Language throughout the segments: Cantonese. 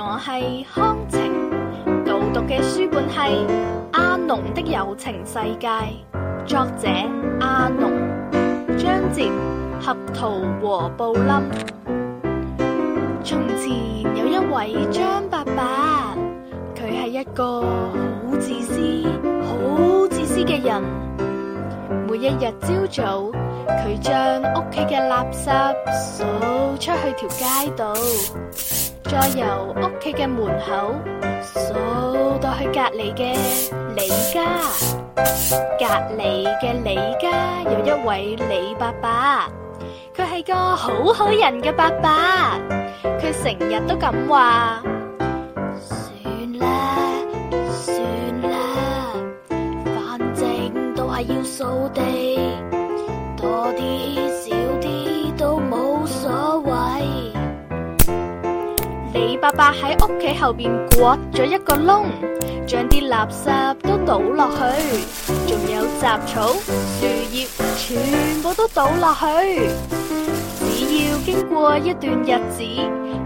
我係康晴，導讀嘅書本係《阿濃的有情世界》，作者阿濃，章節合桃和布冧。從前有一位張伯伯，佢係一個好自私、好自私嘅人。每一日朝早，佢將屋企嘅垃圾掃出去條街度。再由屋企嘅門口掃到去隔離嘅李家，隔離嘅李家有一位李伯伯，佢係個好好人嘅伯伯，佢成日都咁話：， 算啦，算啦，反正都係要掃地，多啲。李伯伯喺屋企後邊掘咗一個窿，將啲垃圾都倒落去，仲有雜草、樹葉，全部都倒落去。只要經過一段日子，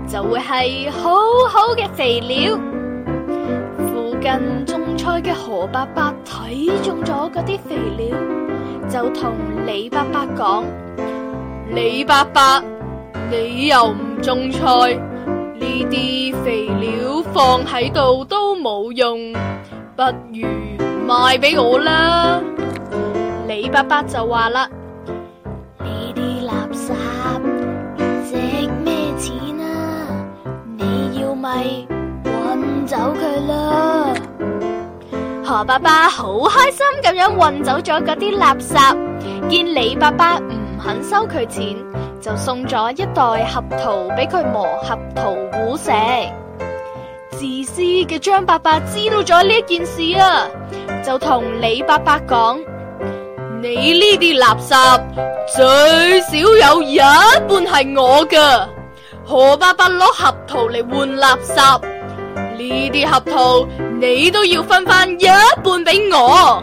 就會係好好嘅肥料。附近種菜嘅何伯伯睇中咗嗰啲肥料，就同李伯伯講：李伯伯，你又唔種菜？呢啲肥料放喺度都冇用，不如賣俾我啦！李伯伯就話啦：呢啲垃圾值咩錢啊？你要咪運走佢啦！何伯伯好開心咁樣運走咗嗰啲垃圾，見李伯伯唔肯收佢錢。就送咗一袋合桃俾佢磨合桃糊食。自私嘅張伯伯知道咗呢一件事啦、啊，就同李伯伯講： 你呢啲垃圾最少有一半係我噶。何伯伯攞合桃嚟換垃圾，呢啲合桃你都要分翻一半俾我。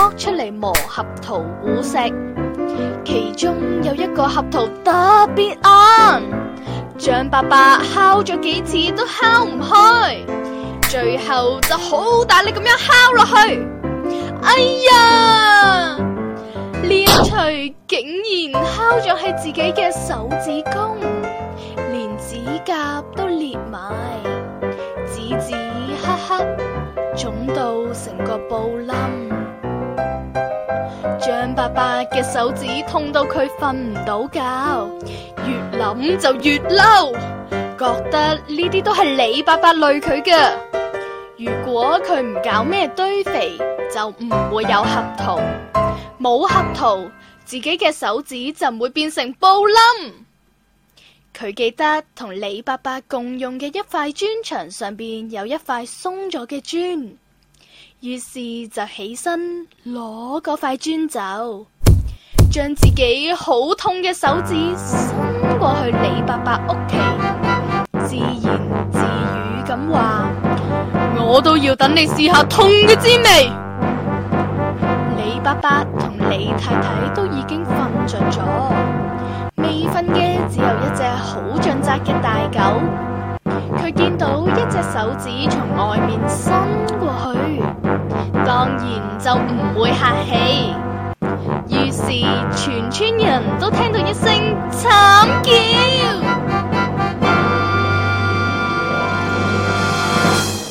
剝出嚟磨合桃糊食，其中有一個合桃特別硬，張伯伯敲咗幾次都敲唔開，最後就好大力咁樣敲落去，哎呀！裂錘竟然敲咗喺自己嘅手指公，連指甲都裂埋，指指黑黑，腫到成個布冧。手指痛到佢瞓唔到覺，越諗就越嬲，覺得呢啲都係李伯伯累佢嘅。如果佢唔搞咩堆肥，就唔會有核桃，冇核桃，自己嘅手指就唔會變成布冧。佢記得同李伯伯共用嘅一塊磚牆上面有一塊鬆咗嘅磚，於是就起身攞嗰塊磚走。將自己好痛嘅手指伸過去李伯伯屋企，自言自語咁話：我都要等你試下痛嘅滋味。李伯伯同李太太都已經瞓着咗，未瞓嘅只有一隻好盡責嘅大狗。佢見到一隻手指從外面伸過去，當然就唔會客氣。於是，全村人都聽到一聲慘叫。